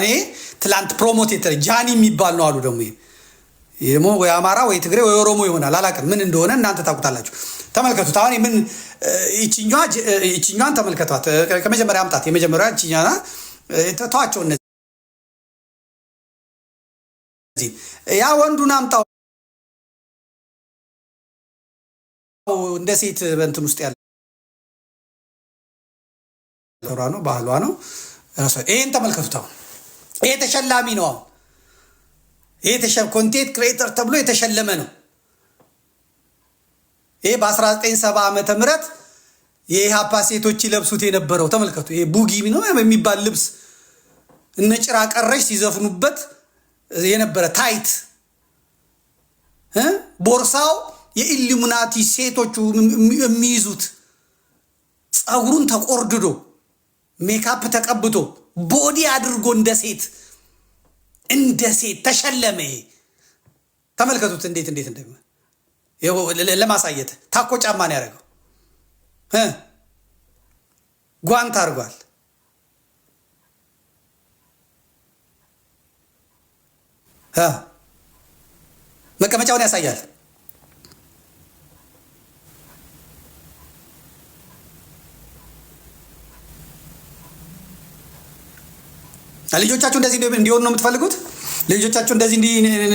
እኔ ትላንት ፕሮሞት የተረ ጃኒ የሚባል ነው አሉ። ደግሞ ደግሞ ወይ አማራ ወይ ትግሬ ወይ ኦሮሞ ይሆናል አላውቅም፣ ምን እንደሆነ እናንተ ታውቁታላችሁ። ተመልከቱት። አሁን ምን ይችኛዋን ተመልከቷት። ከመጀመሪያ አምጣት የመጀመሪያ ይችኛና ተዋቸው እነዚህ ያ ወንዱን አምጣው እንደ ሴት በእንትን ውስጥ ያለ ነው ባህሏ ነው ይህን ተመልከቱት። ይሄ ተሸላሚ ነው። አሁን ይሄ ኮንቴንት ክሬተር ተብሎ የተሸለመ ነው። ይሄ በ1970 ዓመተ ምህረት የኢህአፓ ሴቶች ይለብሱት የነበረው ተመልከቱ። ይሄ ቡጊ ነው የሚባል ልብስ እነ ጭራ ቀረሽ ሲዘፍኑበት የነበረ ታይት ቦርሳው የኢሊሙናቲ ሴቶቹ የሚይዙት ፀጉሩን ተቆርድዶ ሜካፕ ተቀብቶ ቦዲ አድርጎ እንደ ሴት እንደ ሴት ተሸለመ። ተመልከቱት እንዴት እንዴት እንደሚሆን ለማሳየት ታኮ ጫማ ነው ያደረገው። ጓንት አድርጓል። መቀመጫውን ያሳያል። ልጆቻችሁ እንደዚህ እንዲሆኑ ነው የምትፈልጉት? ልጆቻችሁ እንደዚህ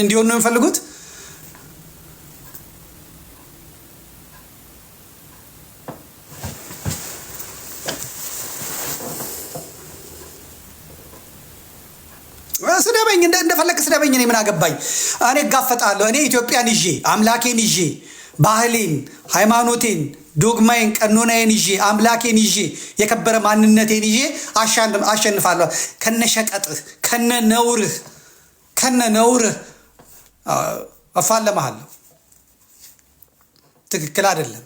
እንዲሆኑ ነው የምትፈልጉት? ስደበኝ፣ እንደፈለግ ስደበኝ፣ እኔ ምን አገባኝ? እኔ እጋፈጣለሁ። እኔ ኢትዮጵያን ይዤ አምላኬን ይዤ ባህሌን ሃይማኖቴን ዶግማዬን ቀኖናዬን ይዤ አምላኬን ይዤ የከበረ ማንነቴን ይዤ አሸንፋለሁ። ከነ ሸቀጥህ ከነ ነውርህ ከነ ነውርህ እፋለመሃለሁ። ትክክል አይደለም፣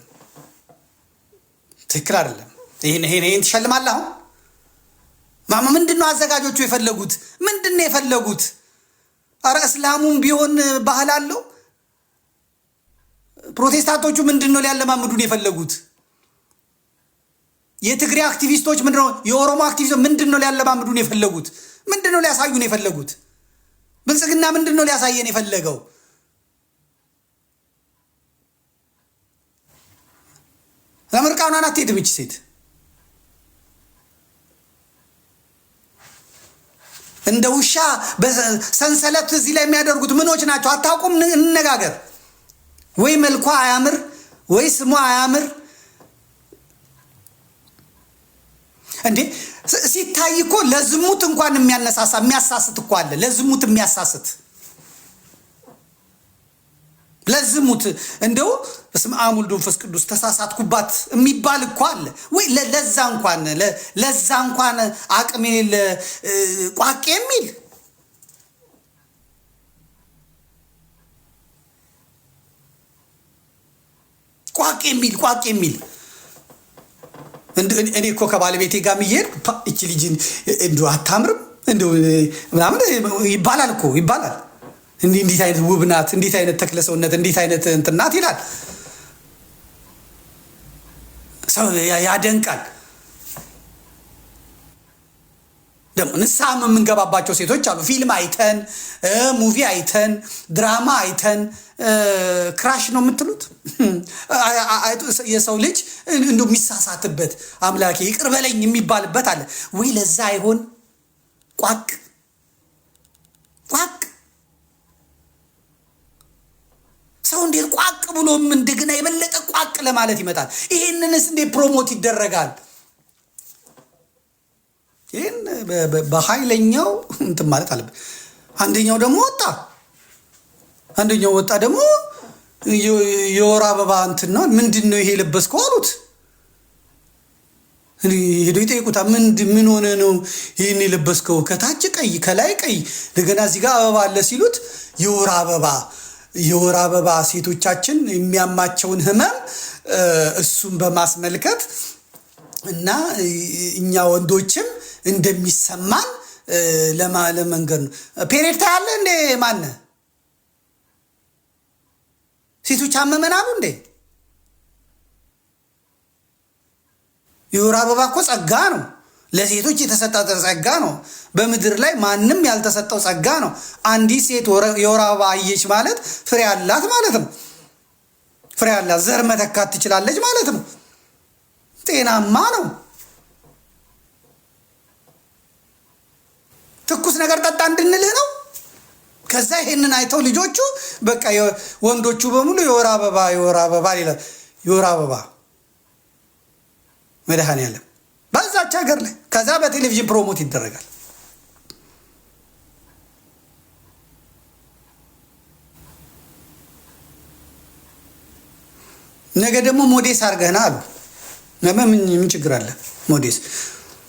ትክክል አይደለም። ይህን ይህን ይህን ትሸልማለህ። አሁን ምንድን ነው አዘጋጆቹ የፈለጉት? ምንድን ነው የፈለጉት? ኧረ እስላሙም ቢሆን ባህል አለው ፕሮቴስታንቶቹ ምንድን ነው ሊያለማምዱን የፈለጉት? የትግሬ አክቲቪስቶች ምንድነው? የኦሮሞ አክቲቪስቶች ምንድን ነው ሊያለማምዱን የፈለጉት? ምንድን ነው ሊያሳዩን የፈለጉት? ብልጽግና ምንድን ነው ሊያሳየን የፈለገው? ለምርቃኗን አትሄድም ይች ሴት። እንደ ውሻ ሰንሰለት እዚህ ላይ የሚያደርጉት ምኖች ናቸው? አታውቁም? እንነጋገር ወይ መልኳ አያምር ወይ ስሟ አያምር እንዴ ሲታይ እኮ ለዝሙት እንኳን የሚያነሳሳ የሚያሳስት እኮ አለ። ለዝሙት የሚያሳስት ለዝሙት እንደው በስመ አብ ወልድ ወመንፈስ ቅዱስ ተሳሳትኩባት የሚባል እኮ አለ ወይ? ለዛ እንኳን ለዛ እንኳን አቅም የሌለ ቋቄ የሚል ቋቅ የሚል ቋቅ የሚል እኔ እኮ ከባለቤቴ ጋር እየሄድኩ እቺ ልጅ እንዲ አታምርም እንደው ምናምን ይባላል እኮ ይባላል። እንዲህ አይነት ውብ ናት፣ እንዴት አይነት ተክለሰውነት፣ እንዴት አይነት እንትናት ናት ይላል ሰው ያደንቃል። ደግሞ ንስሐም የምንገባባቸው ሴቶች አሉ። ፊልም አይተን ሙቪ አይተን ድራማ አይተን ክራሽ ነው የምትሉት የሰው ልጅ እንዱ የሚሳሳትበት አምላኬ ይቅር በለኝ የሚባልበት አለ ወይ? ለዛ አይሆን ቋቅ ቋቅ ሰው እንዴት ቋቅ ብሎም እንደገና የበለጠ ቋቅ ለማለት ይመጣል። ይሄንንስ እንዴት ፕሮሞት ይደረጋል? ይህን በኃይለኛው እንትን ማለት አለብን። አንደኛው ደግሞ ወጣ አንደኛው ወጣ ደግሞ የወር አበባ እንትን ነው ምንድን ነው ይሄ የለበስከው አሉት። ሄዶ ይጠይቁታ ምን ሆነ ነው ይህን የለበስከው? ከታች ቀይ ከላይ ቀይ እንደገና እዚህ ጋር አበባ አለ ሲሉት የወር አበባ የወር አበባ ሴቶቻችን የሚያማቸውን ህመም እሱን በማስመልከት እና እኛ ወንዶችም እንደሚሰማን ለመንገድ ነው። ፔሬድ ታያለ እንዴ? ማነ ሴቶች አመመን አሉ እንዴ? የወር አበባ እኮ ጸጋ ነው። ለሴቶች የተሰጠ ጸጋ ነው። በምድር ላይ ማንም ያልተሰጠው ጸጋ ነው። አንዲት ሴት የወር አበባ አየች ማለት ፍሬ አላት ማለት ነው። ፍሬ አላት፣ ዘር መተካት ትችላለች ማለት ነው። ጤናማ ነው። ትኩስ ነገር ጠጣ እንድንልህ ነው። ከዛ ይሄንን አይተው ልጆቹ በቃ ወንዶቹ በሙሉ የወር አበባ የወር አበባ ሌላ የወር አበባ መድኃኔዓለም በዛች ሀገር ላይ ከዛ በቴሌቪዥን ፕሮሞት ይደረጋል። ነገ ደግሞ ሞዴስ አድርገህና አሉ። ምን ምን ችግር አለ ሞዴስ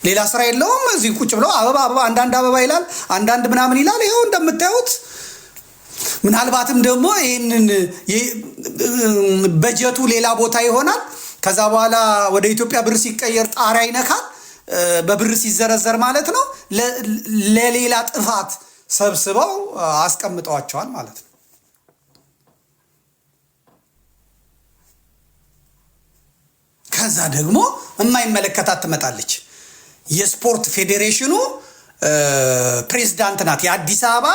ሌላ ስራ የለውም። እዚህ ቁጭ ብለው አበባ አበባ አንዳንድ አበባ ይላል፣ አንዳንድ ምናምን ይላል። ይኸው እንደምታዩት ምናልባትም ደግሞ ይህንን በጀቱ ሌላ ቦታ ይሆናል። ከዛ በኋላ ወደ ኢትዮጵያ ብር ሲቀየር ጣሪያ ይነካል፣ በብር ሲዘረዘር ማለት ነው። ለሌላ ጥፋት ሰብስበው አስቀምጠዋቸዋል ማለት ነው። ከዛ ደግሞ የማይመለከታት ትመጣለች። የስፖርት ፌዴሬሽኑ ፕሬዝዳንት ናት። የአዲስ አበባ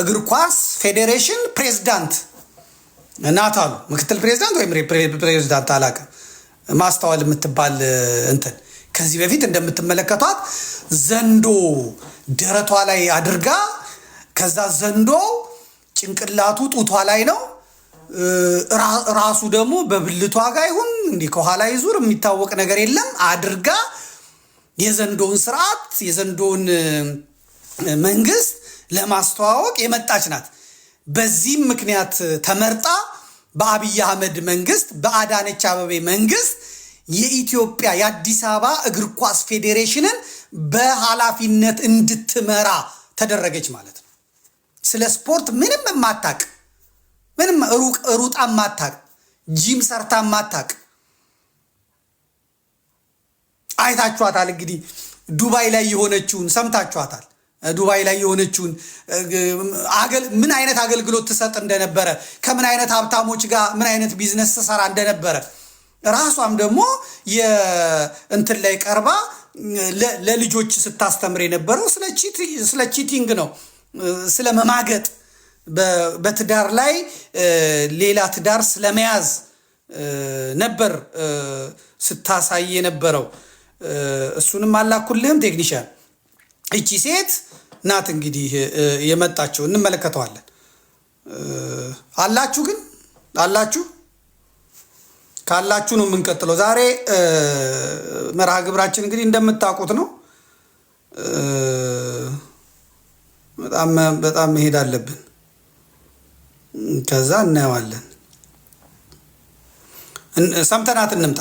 እግር ኳስ ፌዴሬሽን ፕሬዝዳንት ናት አሉ። ምክትል ፕሬዝዳንት ወይም ፕሬዝዳንት አላውቅም። ማስተዋል የምትባል እንትን ከዚህ በፊት እንደምትመለከቷት ዘንዶ ደረቷ ላይ አድርጋ ከዛ ዘንዶ ጭንቅላቱ ጡቷ ላይ ነው። ራሱ ደግሞ በብልቷ ጋር ይሁን እንዲህ ከኋላ ይዙር የሚታወቅ ነገር የለም አድርጋ የዘንዶውን ስርዓት የዘንዶውን መንግስት ለማስተዋወቅ የመጣች ናት። በዚህም ምክንያት ተመርጣ በአብይ አህመድ መንግስት በአዳነች አበቤ መንግስት የኢትዮጵያ የአዲስ አበባ እግር ኳስ ፌዴሬሽንን በኃላፊነት እንድትመራ ተደረገች ማለት ነው። ስለ ስፖርት ምንም የማታቅ ምንም ሩጣ ማታቅ ጂም ሰርታ ማታቅ አይታችኋታል። እንግዲህ ዱባይ ላይ የሆነችውን ሰምታችኋታል። ዱባይ ላይ የሆነችውን ምን አይነት አገልግሎት ትሰጥ እንደነበረ ከምን አይነት ሀብታሞች ጋር ምን አይነት ቢዝነስ ትሰራ እንደነበረ ራሷም ደግሞ የእንትን ላይ ቀርባ ለልጆች ስታስተምር የነበረው ስለ ቺቲንግ ነው፣ ስለ መማገጥ፣ በትዳር ላይ ሌላ ትዳር ስለመያዝ ነበር ስታሳይ የነበረው። እሱንም አላኩልህም ቴክኒሽያን። እቺ ሴት ናት እንግዲህ የመጣችው እንመለከተዋለን። አላችሁ ግን አላችሁ ካላችሁ ነው የምንቀጥለው። ዛሬ መርሃ ግብራችን እንግዲህ እንደምታውቁት ነው። በጣም በጣም መሄድ አለብን። ከዛ እናየዋለን። ሰምተናት እንምጣ።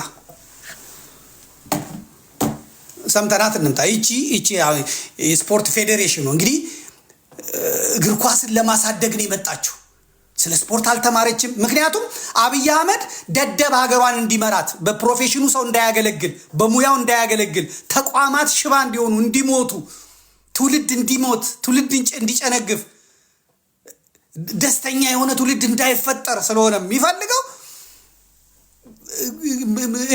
ሰምተናት እንምጣ። ይቺ ይቺ የስፖርት ፌዴሬሽኑ እንግዲህ እግር ኳስን ለማሳደግ ነው የመጣችው። ስለ ስፖርት አልተማረችም። ምክንያቱም አብይ አህመድ ደደብ ሀገሯን እንዲመራት በፕሮፌሽኑ ሰው እንዳያገለግል፣ በሙያው እንዳያገለግል፣ ተቋማት ሽባ እንዲሆኑ፣ እንዲሞቱ፣ ትውልድ እንዲሞት፣ ትውልድ እንዲጨነግፍ፣ ደስተኛ የሆነ ትውልድ እንዳይፈጠር ስለሆነ የሚፈልገው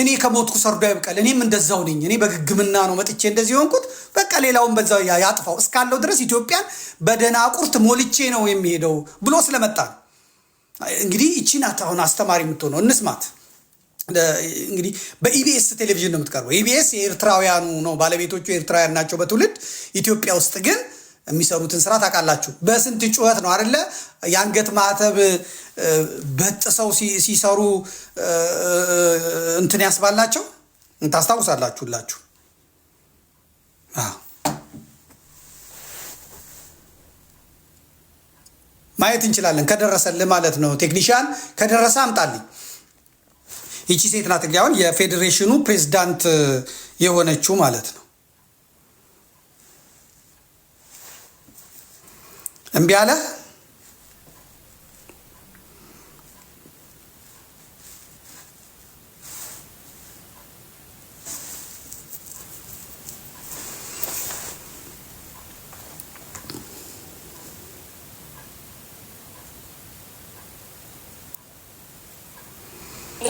እኔ ከሞትኩ ሰርዶ ያብቀል። እኔም እንደዛው ነኝ። እኔ በግግምና ነው መጥቼ እንደዚህ የሆንኩት። በቃ ሌላውን በዛው ያጥፋው እስካለው ድረስ ኢትዮጵያን በደናቁርት ሞልቼ ነው የሚሄደው ብሎ ስለመጣ እንግዲህ ይቺ አሁን አስተማሪ የምትሆነው። እንስማት። እንግዲህ በኢቢኤስ ቴሌቪዥን ነው የምትቀርበው። ኢቢኤስ የኤርትራውያኑ ነው፣ ባለቤቶቹ ኤርትራውያን ናቸው በትውልድ ኢትዮጵያ ውስጥ ግን የሚሰሩትን ስራ ታውቃላችሁ። በስንት ጩኸት ነው አይደለ? የአንገት ማዕተብ በጥሰው ሲሰሩ እንትን ያስባላቸው ታስታውሳላችሁ ሁላችሁ። ማየት እንችላለን። ከደረሰልህ ማለት ነው። ቴክኒሽያን ከደረሰ አምጣልኝ። ይቺ ሴት ናት እንግዲህ አሁን የፌዴሬሽኑ ፕሬዚዳንት የሆነችው ማለት ነው። Embialah?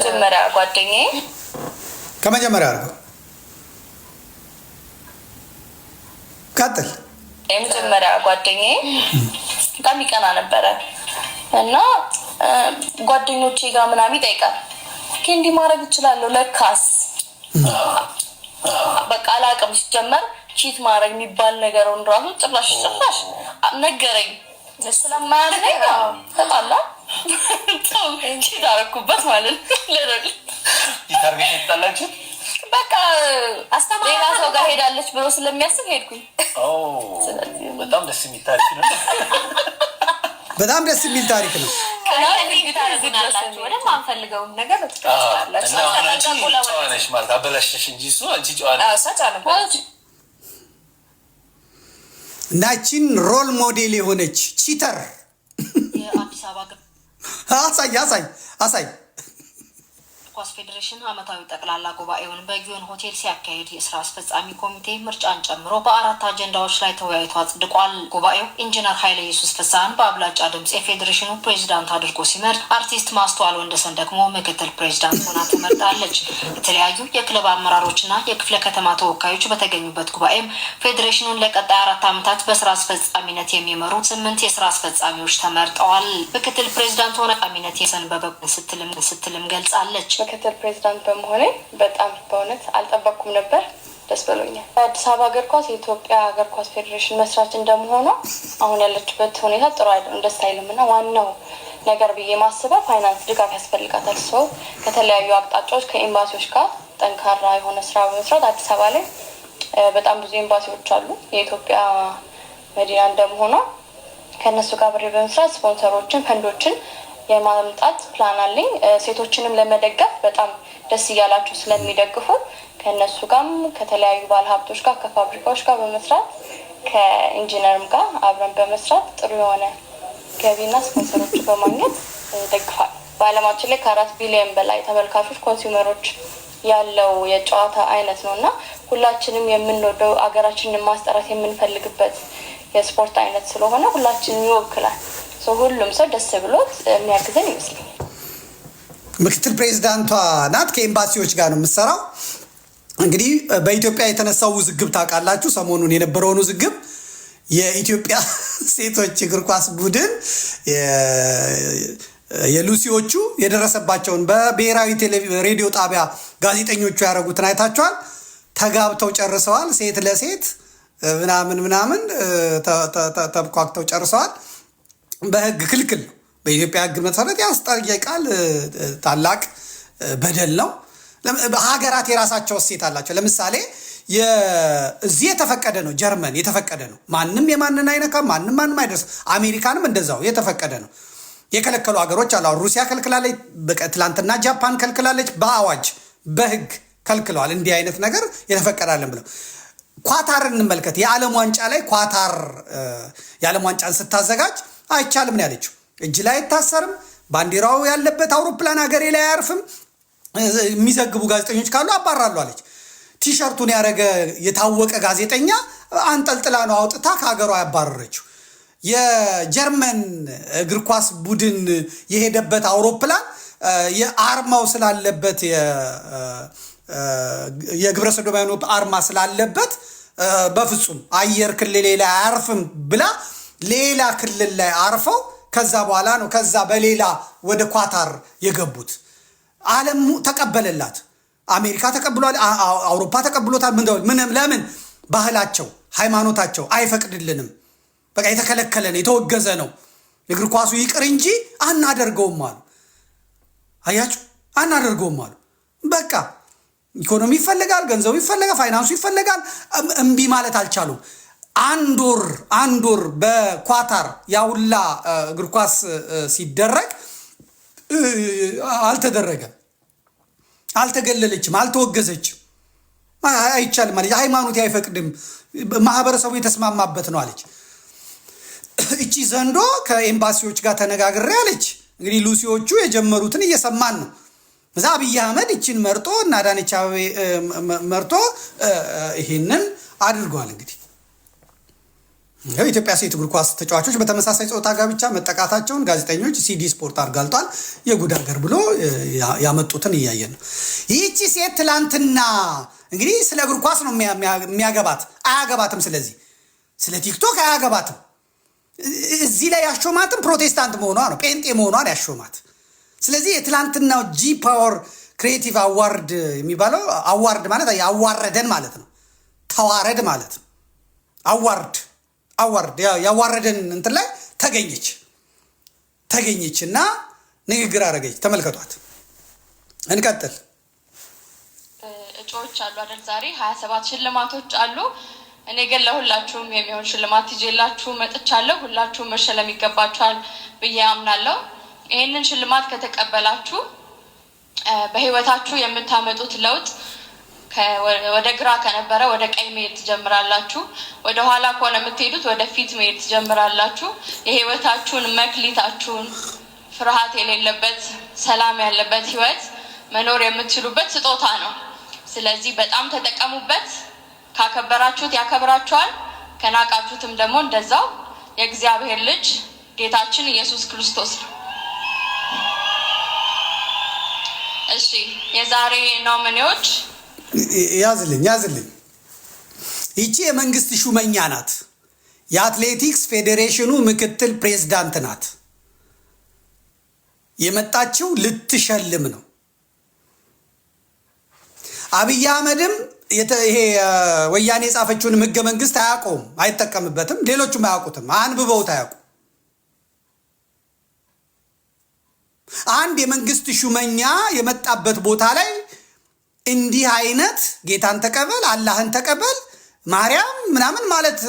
Jam berapa cuttingnya? Kamar jam berapa? የመጀመሪያ ጓደኛዬ በጣም ይቀና ነበረ እና ጓደኞቼ ጋር ምናምን ይጠይቃል። እንዲህ ማድረግ እችላለሁ ለካስ በቃ አላቅም። ሲጀመር ቺት ማድረግ የሚባል ነገር እንደራሱ ጭራሽ ጭራሽ ነገረኝ ስለማያርነኝ ተጣላ ቺት አረኩበት ማለት ነው። በቃ ሌላ ሰው ጋር ሄዳለች ብሎ ስለሚያስብ ሄድኩኝ። በጣም ደስ የሚል ታሪክ ነው። በጣም ደስ የሚል ታሪክ ነው። ሮል ሞዴል የሆነች ቺተር አሳይ አሳይ አሳይ ኳስ ፌዴሬሽን ዓመታዊ ጠቅላላ ጉባኤውን በጊዮን ሆቴል ሲያካሄድ የስራ አስፈጻሚ ኮሚቴ ምርጫን ጨምሮ በአራት አጀንዳዎች ላይ ተወያይቶ አጽድቋል። ጉባኤው ኢንጂነር ኃይለ ኢየሱስ ፍስሐን በአብላጫ ድምፅ የፌዴሬሽኑ ፕሬዚዳንት አድርጎ ሲመርጥ፣ አርቲስት ማስተዋል ወንደሰን ደግሞ ምክትል ፕሬዚዳንት ሆና ትመርጣለች። የተለያዩ የክለብ አመራሮችና የክፍለ ከተማ ተወካዮች በተገኙበት ጉባኤም ፌዴሬሽኑን ለቀጣይ አራት ዓመታት በስራ አስፈጻሚነት የሚመሩ ስምንት የስራ አስፈጻሚዎች ተመርጠዋል። ምክትል ፕሬዚዳንት ሆነ ቃሚነት የሰን ስትልም ስትልም ገልጻለች። ምክትል ፕሬዚዳንት በመሆኔ በጣም በእውነት አልጠበቅኩም ነበር። ደስ ብሎኛል። በአዲስ አበባ እግር ኳስ የኢትዮጵያ እግር ኳስ ፌዴሬሽን መስራች እንደመሆኗ አሁን ያለችበት ሁኔታ ጥሩ አይደለም፣ ደስ አይልም እና ዋናው ነገር ብዬ ማስበው ፋይናንስ ድጋፍ ያስፈልጋታል። ሰው ከተለያዩ አቅጣጫዎች ከኤምባሲዎች ጋር ጠንካራ የሆነ ስራ በመስራት አዲስ አበባ ላይ በጣም ብዙ ኤምባሲዎች አሉ። የኢትዮጵያ መዲና እንደመሆኗ ከእነሱ ጋር ብሬ በመስራት ስፖንሰሮችን፣ ፈንዶችን የማምጣት ፕላን አለኝ። ሴቶችንም ለመደገፍ በጣም ደስ እያላቸው ስለሚደግፉ ከእነሱ ጋርም ከተለያዩ ባለሀብቶች ጋር ከፋብሪካዎች ጋር በመስራት ከኢንጂነርም ጋር አብረን በመስራት ጥሩ የሆነ ገቢና ስፖንሰሮች በማግኘት ደግፋል። በአለማችን ላይ ከአራት ቢሊዮን በላይ ተመልካቾች ኮንሱመሮች ያለው የጨዋታ አይነት ነው እና ሁላችንም የምንወደው አገራችንን ማስጠራት የምንፈልግበት የስፖርት አይነት ስለሆነ ሁላችንም ይወክላል። ሁሉም ሰው ደስ ብሎት የሚያግዘን ይመስለኛል። ምክትል ፕሬዚዳንቷ ናት። ከኤምባሲዎች ጋር ነው የምትሰራው። እንግዲህ በኢትዮጵያ የተነሳው ውዝግብ ታውቃላችሁ። ሰሞኑን የነበረውን ውዝግብ የኢትዮጵያ ሴቶች እግር ኳስ ቡድን የሉሲዎቹ የደረሰባቸውን በብሔራዊ ሬዲዮ ጣቢያ ጋዜጠኞቹ ያደረጉትን አይታችኋል። ተጋብተው ጨርሰዋል። ሴት ለሴት ምናምን ምናምን ተብኳክተው ጨርሰዋል። በህግ ክልክል ነው። በኢትዮጵያ ህግ መሰረት የአስጠራቂ ቃል ታላቅ በደል ነው። ሀገራት የራሳቸው እሴት አላቸው። ለምሳሌ እዚህ የተፈቀደ ነው። ጀርመን የተፈቀደ ነው። ማንም የማንን አይነካ፣ ማንም ማንም አይደርስ። አሜሪካንም እንደዛው የተፈቀደ ነው። የከለከሉ ሀገሮች አሉ። ሩሲያ ከልክላለች። ትላንትና ጃፓን ከልክላለች። በአዋጅ በህግ ከልክለዋል። እንዲህ አይነት ነገር የተፈቀዳለን ብለው ኳታር እንመልከት። የዓለም ዋንጫ ላይ ኳታር የዓለም ዋንጫን ስታዘጋጅ አይቻልም ነው ያለችው። እጅ ላይ አይታሰርም። ባንዲራው ያለበት አውሮፕላን ሀገሬ ላይ አያርፍም። የሚዘግቡ ጋዜጠኞች ካሉ አባራሉ አለች። ቲሸርቱን ያደረገ የታወቀ ጋዜጠኛ አንጠልጥላ ነው አውጥታ ከሀገሯ ያባረረችው። የጀርመን እግር ኳስ ቡድን የሄደበት አውሮፕላን የአርማው ስላለበት የግብረ ሰዶማውያኑ አርማ ስላለበት በፍጹም አየር ክልሌ ላይ አያርፍም ብላ ሌላ ክልል ላይ አርፈው ከዛ በኋላ ነው ከዛ በሌላ ወደ ኳታር የገቡት። ዓለም ተቀበለላት። አሜሪካ ተቀብሏል። አውሮፓ ተቀብሎታል። ምንም ለምን ባህላቸው፣ ሃይማኖታቸው አይፈቅድልንም። በቃ የተከለከለ ነው፣ የተወገዘ ነው። እግር ኳሱ ይቅር እንጂ አናደርገውም አሉ። አያችሁ፣ አናደርገውም አሉ። በቃ ኢኮኖሚ ይፈለጋል፣ ገንዘቡ ይፈለጋል፣ ፋይናንሱ ይፈለጋል። እምቢ ማለት አልቻሉም። አንድ ወር አንድ ወር በኳታር ያውላ እግር ኳስ ሲደረግ አልተደረገም፣ አልተገለለችም፣ አልተወገዘችም። አይቻልም አለች። ሃይማኖት አይፈቅድም፣ ማህበረሰቡ የተስማማበት ነው አለች። እቺ ዘንዶ ከኤምባሲዎች ጋር ተነጋግሬ አለች። እንግዲህ ሉሲዎቹ የጀመሩትን እየሰማን ነው። እዛ አብይ አህመድ እቺን መርጦ እና አዳነች አበቤ መርጦ ይህንን አድርጓል እንግዲህ የኢትዮጵያ ሴት እግር ኳስ ተጫዋቾች በተመሳሳይ ጾታ ጋብቻ መጠቃታቸውን ጋዜጠኞች ሲዲ ስፖርት አጋልጧል። የጉድ ሀገር ብሎ ያመጡትን እያየን ነው። ይህቺ ሴት ትላንትና እንግዲህ ስለ እግር ኳስ ነው የሚያገባት አያገባትም። ስለዚህ ስለ ቲክቶክ አያገባትም። እዚህ ላይ ያሾማትም ፕሮቴስታንት መሆኗ ነው፣ ጴንጤ መሆኗን ያሾማት። ስለዚህ የትላንትናው ጂ ፓወር ክሬቲቭ አዋርድ የሚባለው አዋርድ ማለት አዋረደን ማለት ነው፣ ተዋረድ ማለት ነው። አዋርድ አዋርድ ያዋረደን እንትን ላይ ተገኘች ተገኘች እና ንግግር አደረገች። ተመልከቷት። እንቀጥል። እጩዎች አሉ አይደል? ዛሬ ሀያ ሰባት ሽልማቶች አሉ። እኔ ግን ለሁላችሁም የሚሆን ሽልማት ይዤላችሁ መጥቻለሁ። ሁላችሁም መሸለም ይገባችኋል ብዬ አምናለሁ። ይህንን ሽልማት ከተቀበላችሁ በህይወታችሁ የምታመጡት ለውጥ ወደ ግራ ከነበረ ወደ ቀኝ መሄድ ትጀምራላችሁ። ወደ ኋላ ከሆነ የምትሄዱት ወደ ፊት መሄድ ትጀምራላችሁ። የህይወታችሁን መክሊታችሁን ፍርሃት የሌለበት ሰላም ያለበት ህይወት መኖር የምትችሉበት ስጦታ ነው። ስለዚህ በጣም ተጠቀሙበት። ካከበራችሁት ያከብራችኋል፣ ከናቃችሁትም ደግሞ እንደዛው። የእግዚአብሔር ልጅ ጌታችን ኢየሱስ ክርስቶስ ነው። እሺ የዛሬ ኖሚኔዎች ያዝልኝ ያዝልኝ። ይቺ የመንግስት ሹመኛ ናት። የአትሌቲክስ ፌዴሬሽኑ ምክትል ፕሬዝዳንት ናት። የመጣችው ልትሸልም ነው። አብይ አህመድም ይሄ ወያኔ የጻፈችውን ህገ መንግስት አያውቀውም፣ አይጠቀምበትም። ሌሎቹም አያውቁትም፣ አንብበውት አያውቁ። አንድ የመንግስት ሹመኛ የመጣበት ቦታ ላይ እንዲህ አይነት ጌታን ተቀበል አላህን ተቀበል ማርያም ምናምን ማለት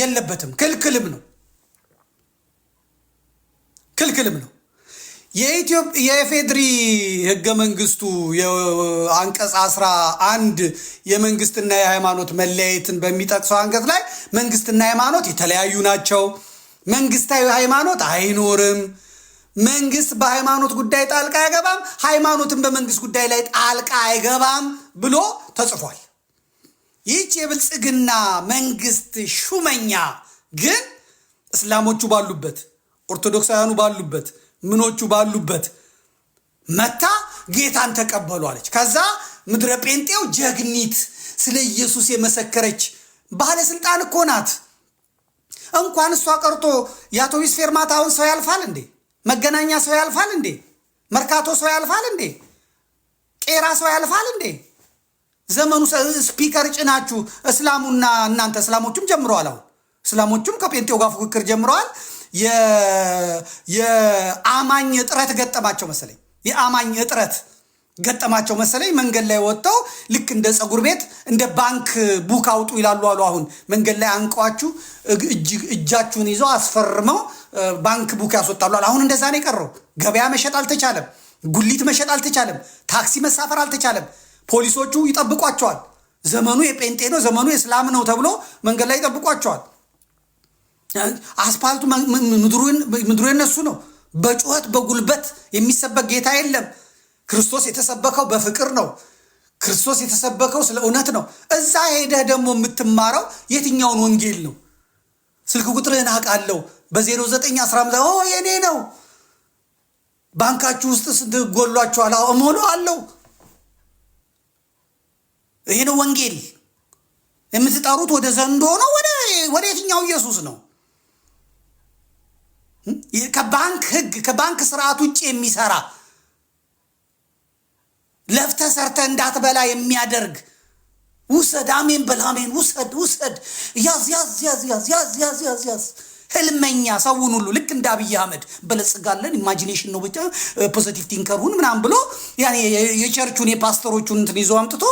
የለበትም። ክልክልም ነው፣ ክልክልም ነው። የኢፌድሪ ህገ መንግስቱ አንቀጽ አስራ አንድ የመንግስትና የሃይማኖት መለያየትን በሚጠቅሰው አንቀጽ ላይ መንግስትና ሃይማኖት የተለያዩ ናቸው፣ መንግስታዊ ሃይማኖት አይኖርም መንግስት በሃይማኖት ጉዳይ ጣልቃ አይገባም፣ ሃይማኖትን በመንግስት ጉዳይ ላይ ጣልቃ አይገባም ብሎ ተጽፏል። ይህች የብልጽግና መንግስት ሹመኛ ግን እስላሞቹ ባሉበት፣ ኦርቶዶክሳውያኑ ባሉበት፣ ምኖቹ ባሉበት መታ ጌታን ተቀበሉ አለች። ከዛ ምድረ ጴንጤው ጀግኒት ስለ ኢየሱስ የመሰከረች ባለስልጣን እኮ ናት። እንኳን እሷ ቀርቶ የአውቶቡስ ፌርማታውን ሰው ያልፋል እንዴ? መገናኛ ሰው ያልፋል እንዴ? መርካቶ ሰው ያልፋል እንዴ? ቄራ ሰው ያልፋል እንዴ? ዘመኑ ስፒከር ጭናችሁ እስላሙና እናንተ እስላሞቹም ጀምረዋል። አሁን እስላሞቹም ከጴንጤው ጋር ፉክክር ጀምረዋል። የአማኝ እጥረት ገጠማቸው መሰለኝ። የአማኝ እጥረት ገጠማቸው መሰለኝ መንገድ ላይ ወጥተው ልክ እንደ ፀጉር ቤት እንደ ባንክ ቡክ አውጡ ይላሉ አሉ። አሁን መንገድ ላይ አንቀዋችሁ እጃችሁን ይዘው አስፈርመው ባንክ ቡክ ያስወጣሉ አሉ። አሁን እንደዛ ነው የቀረው። ገበያ መሸጥ አልተቻለም፣ ጉሊት መሸጥ አልተቻለም፣ ታክሲ መሳፈር አልተቻለም። ፖሊሶቹ ይጠብቋቸዋል። ዘመኑ የጴንጤ ነው፣ ዘመኑ የእስላም ነው ተብሎ መንገድ ላይ ይጠብቋቸዋል። አስፓልቱ ምድሩ የነሱ ነው። በጩኸት በጉልበት የሚሰበክ ጌታ የለም። ክርስቶስ የተሰበከው በፍቅር ነው። ክርስቶስ የተሰበከው ስለ እውነት ነው። እዛ ሄደህ ደግሞ የምትማረው የትኛውን ወንጌል ነው? ስልክ ቁጥርህን አውቃለሁ። በዜሮ ዘጠኝ አስራ አምስት ኦ የኔ ነው። ባንካችሁ ውስጥ ስንት ጎሏችኋል? መሆኑ አለው። ይህ ነው ወንጌል። የምትጠሩት ወደ ዘንዶ ነው? ወደ የትኛው ኢየሱስ ነው? ከባንክ ህግ ከባንክ ስርዓት ውጭ የሚሰራ ለፍተህ ሰርተህ እንዳትበላ የሚያደርግ ውሰድ። አሜን በል አሜን። ውሰድ ውሰድ። ያዝ ያዝ ያዝ ያዝ ያዝ ያዝ ያዝ ያዝ። ህልመኛ ሰውን ሁሉ ልክ እንደ አብይ አህመድ በለጽጋለን ኢማጂኔሽን ነው ብቻ ፖዘቲቭ ቲንከር ሁን ምናምን ብሎ የቸርቹን የፓስተሮቹን እንትን ይዞ አምጥቶ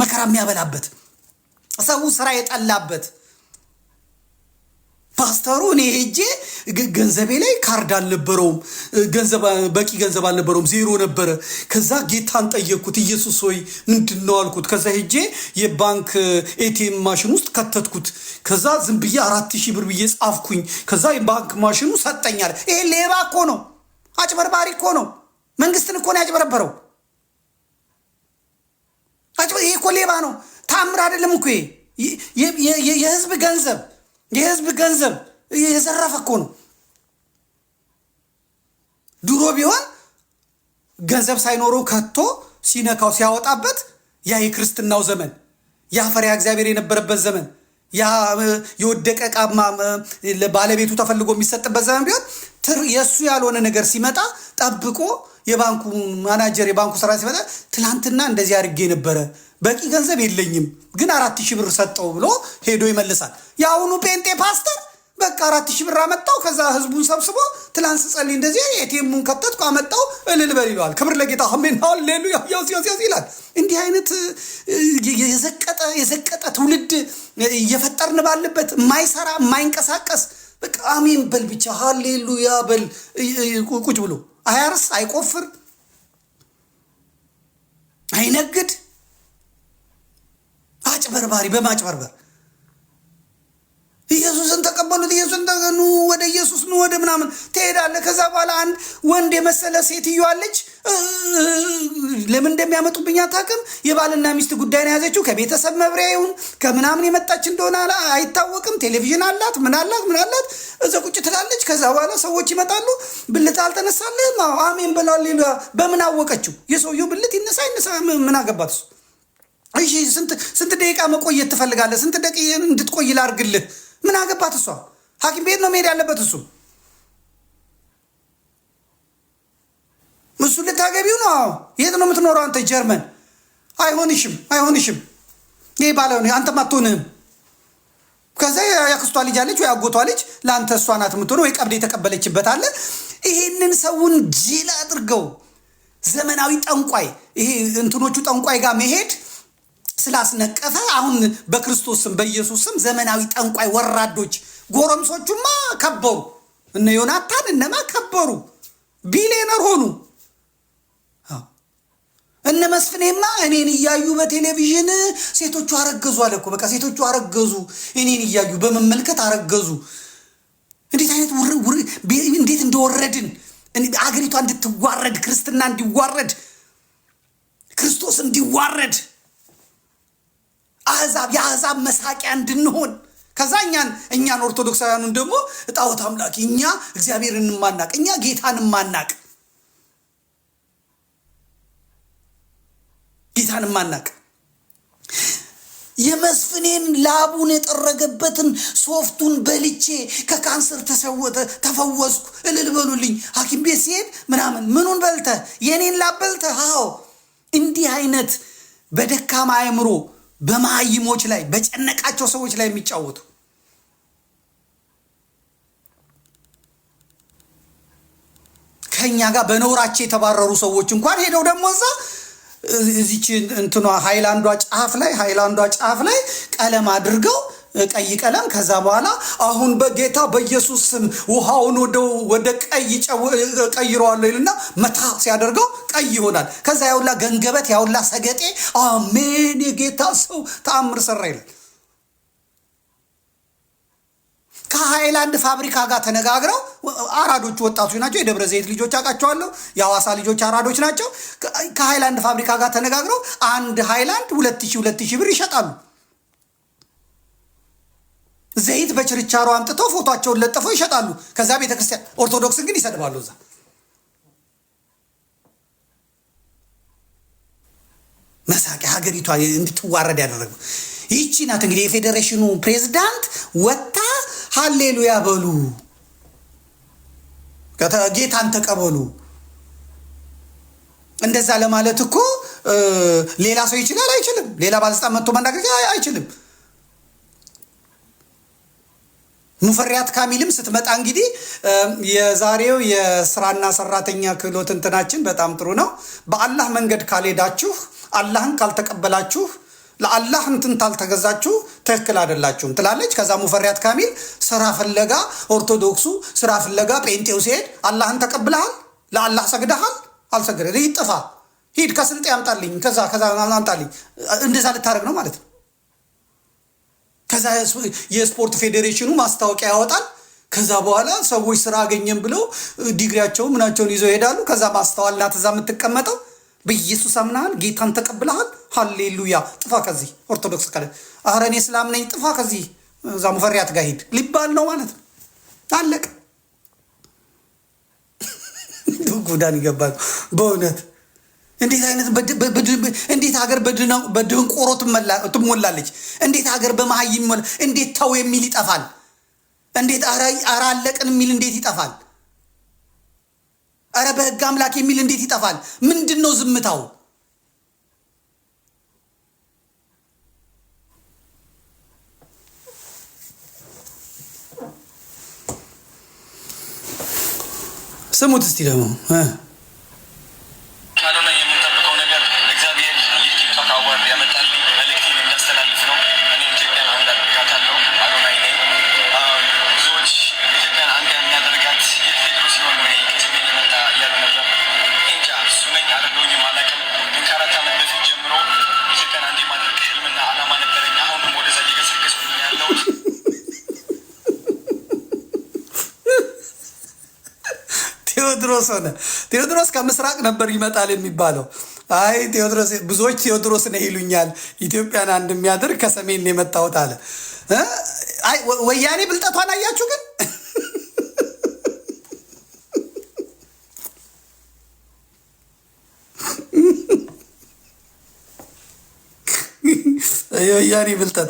መከራ የሚያበላበት ሰው ስራ የጠላበት ፓስተሩ እኔ ሄጄ ገንዘቤ ላይ ካርድ አልነበረውም፣ በቂ ገንዘብ አልነበረውም፣ ዜሮ ነበረ። ከዛ ጌታን ጠየቅኩት፣ ኢየሱስ ሆይ ምንድን ነው አልኩት። ከዛ ሄጄ የባንክ ኤቲኤም ማሽን ውስጥ ከተትኩት። ከዛ ዝም ብዬ አራት ሺህ ብር ብዬ ጻፍኩኝ። ከዛ የባንክ ማሽኑ ሰጠኛል። ይሄ ሌባ እኮ ነው፣ አጭበርባሪ እኮ ነው። መንግስትን እኮ ነው ያጭበረበረው። ይሄ እኮ ሌባ ነው። ታምር አይደለም እኮ የህዝብ ገንዘብ የህዝብ ገንዘብ የዘረፈ እኮ ነው። ድሮ ቢሆን ገንዘብ ሳይኖረው ከቶ ሲነካው ሲያወጣበት ያ የክርስትናው ዘመን ያ ፈሪሃ እግዚአብሔር የነበረበት ዘመን ያ የወደቀ ዕቃ ባለቤቱ ተፈልጎ የሚሰጥበት ዘመን ቢሆን የእሱ ያልሆነ ነገር ሲመጣ ጠብቆ የባንኩ ማናጀር የባንኩ ስራ ሲመጣ ትላንትና እንደዚህ አድርጌ ነበረ በቂ ገንዘብ የለኝም ግን አራት ሺህ ብር ሰጠው ብሎ ሄዶ ይመልሳል። የአሁኑ ጴንጤ ፓስተር በቃ አራት ሺህ ብር አመጣው። ከዛ ህዝቡን ሰብስቦ ትላንት ስጸልይ እንደዚህ የቴሙን ከተትኩ አመጣው እልል በል ይለዋል። ክብር ለጌታ ሜን ሌሉ ያውሲያስ ይላል። እንዲህ አይነት የዘቀጠ የዘቀጠ ትውልድ እየፈጠርን ባለበት የማይሰራ የማይንቀሳቀስ በቃ አሜን በል ብቻ ሀሌሉያ በል ቁጭ ብሎ አያርስ አይቆፍር አይነግድ አጭበርባሪ በማጭበርበር ኢየሱስን ተቀበሉት። ኢየሱስን ተገኑ፣ ወደ ኢየሱስ ኑ ወደ ምናምን ትሄዳለህ። ከዛ በኋላ አንድ ወንድ የመሰለ ሴትዮ አለች። ለምን እንደሚያመጡብኝ አታውቅም። የባልና ሚስት ጉዳይ ነው የያዘችው። ከቤተሰብ መብሪያ ይሁን ከምናምን የመጣች እንደሆነ አይታወቅም። ቴሌቪዥን አላት፣ ምን አላት፣ ምን አላት። እዛ ቁጭ ትላለች። ከዛ በኋላ ሰዎች ይመጣሉ። ብልት አልተነሳልህም? አሜን በላሌሉ። በምን አወቀችው? የሰውየው ብልት ይነሳ ይነሳ፣ ምን አገባት እሱ እሺ ስንት ደቂቃ መቆየት ትፈልጋለህ? ስንት ደቂ እንድትቆይ ላርግልህ? ምን አገባት እሷ። ሐኪም ቤት ነው መሄድ ያለበት እሱ እሱ ልታገቢው ነው? አዎ። የት ነው የምትኖረው አንተ? ጀርመን። አይሆንሽም፣ አይሆንሽም። ይህ ባለሆነ አንተም አትሆንህም። ከዛ ያክስቷ ልጅ አለች ወይ አጎቷ ልጅ ለአንተ እሷ ናት የምትሆነው፣ ወይ ቀብድ የተቀበለችበት አለ። ይሄንን ሰውን ጅል አድርገው ዘመናዊ ጠንቋይ፣ ይሄ እንትኖቹ ጠንቋይ ጋር መሄድ ስላስነቀፈ አሁን በክርስቶስም በኢየሱስም ዘመናዊ ጠንቋይ ወራዶች ጎረምሶቹማ ከበሩ። እነ ዮናታን እነማ ከበሩ፣ ቢሊዮነር ሆኑ። እነ መስፍኔማ እኔን እያዩ በቴሌቪዥን ሴቶቹ አረገዙ አለ እኮ። በቃ ሴቶቹ አረገዙ፣ እኔን እያዩ በመመልከት አረገዙ። እንዴት አይነት እንዴት እንደወረድን አገሪቷ እንድትዋረድ ክርስትና እንዲዋረድ ክርስቶስ እንዲዋረድ አሕዛብ የአሕዛብ መሳቂያ እንድንሆን ከዛ እኛን እኛን ኦርቶዶክሳውያኑን ደግሞ ጣዖት አምላኪ እኛ እግዚአብሔርን ማናቅ እኛ ጌታን እንማናቅ ጌታን እንማናቅ የመስፍኔን ላቡን የጠረገበትን ሶፍቱን በልቼ ከካንሰር ተሰወተ ተፈወስኩ፣ እልል በሉልኝ። ሐኪም ቤት ሲሄድ ምናምን ምኑን በልተ የኔን ላብ በልተ። አዎ እንዲህ አይነት በደካማ አእምሮ በመሀይሞች ላይ በጨነቃቸው ሰዎች ላይ የሚጫወቱ ከኛ ጋር በኖራቸው የተባረሩ ሰዎች እንኳን ሄደው ደግሞ እዛ እዚች እንትኗ ሀይላንዷ ጫፍ ላይ ሀይላንዷ ጫፍ ላይ ቀለም አድርገው ቀይ ቀለም። ከዛ በኋላ አሁን በጌታ በኢየሱስ ስም ውሃውን ወደ ቀይ ቀይረዋለሁ ይልና መታ ሲያደርገው ቀይ ይሆናል። ከዛ ያውላ ገንገበት ያውላ ሰገጤ አሜን፣ የጌታ ሰው ተአምር ሰራ ይላል። ከሃይላንድ ፋብሪካ ጋር ተነጋግረው አራዶቹ ወጣቶች ናቸው። የደብረ ዘይት ልጆች አውቃቸዋለሁ። የሐዋሳ ልጆች አራዶች ናቸው። ከሃይላንድ ፋብሪካ ጋር ተነጋግረው አንድ ሀይላንድ ሁለት ሺህ ሁለት ሺህ ብር ይሸጣሉ። ዘይት በችርቻሮ አምጥተው ፎቶቸውን ለጥፈው ይሸጣሉ። ከዛ ቤተክርስቲያን ኦርቶዶክስን ግን ይሰድባሉ። እዛ መሳቂያ ሀገሪቷ እንድትዋረድ ያደረገ ይቺ ናት። እንግዲህ የፌዴሬሽኑ ፕሬዚዳንት ወታ ሀሌሉያ በሉ ጌታን ተቀበሉ። እንደዛ ለማለት እኮ ሌላ ሰው ይችላል አይችልም? ሌላ ባለስልጣን መጥቶ መናገር አይችልም? ሙፈሪያት ካሚልም ስትመጣ እንግዲህ የዛሬው የስራና ሰራተኛ ክህሎት እንትናችን በጣም ጥሩ ነው። በአላህ መንገድ ካልሄዳችሁ፣ አላህን ካልተቀበላችሁ፣ ለአላህ እንትን ካልተገዛችሁ ትክክል አይደላችሁም ትላለች። ከዛ ሙፈሪያት ካሚል ስራ ፍለጋ ኦርቶዶክሱ ስራ ፍለጋ ጴንጤው ሲሄድ አላህን ተቀብለሃል፣ ለአላህ ሰግደሃል፣ አልሰግደ ይጥፋ ሂድ፣ ከስልጤ አምጣልኝ፣ ከዛ ከዛ አምጣልኝ፣ እንደዛ ልታደርግ ነው ማለት ነው። ከዛ የስፖርት ፌዴሬሽኑ ማስታወቂያ ያወጣል። ከዛ በኋላ ሰዎች ስራ አገኘም ብለው ዲግሪያቸው ምናቸውን ይዘው ይሄዳሉ። ከዛ ማስተዋል ናት እዛ የምትቀመጠው። በኢየሱስ አምናሃል፣ ጌታን ተቀብለሃል። ሀሌሉያ ጥፋ ከዚህ ኦርቶዶክስ ካለ ኧረ እኔ እስላም ነኝ ጥፋ ከዚህ እዛ ሙፈሪያት ጋር ሂድ ሊባል ነው ማለት ነው። አለቅ ጉዳን ይገባል በእውነት እንዴት አይነት እንዴት ሀገር በድንቆሮ ትሞላለች? እንዴት ሀገር በመሀይ ይሞላል? እንዴት ተው የሚል ይጠፋል? እንዴት ኧረ አለቅን የሚል እንዴት ይጠፋል? አረ በህግ አምላክ የሚል እንዴት ይጠፋል? ምንድን ነው ዝምታው? ስሙት እስቲ ደግሞ ሆነ። ቴዎድሮስ ከምስራቅ ነበር ይመጣል የሚባለው። አይ ቴዎድሮስ ብዙዎች ቴዎድሮስ ነው ይሉኛል፣ ኢትዮጵያን አንድ የሚያደርግ ከሰሜን የመጣሁት አለ። አይ ወያኔ ብልጠቷን አያችሁ ግን የወያኔ ብልጠት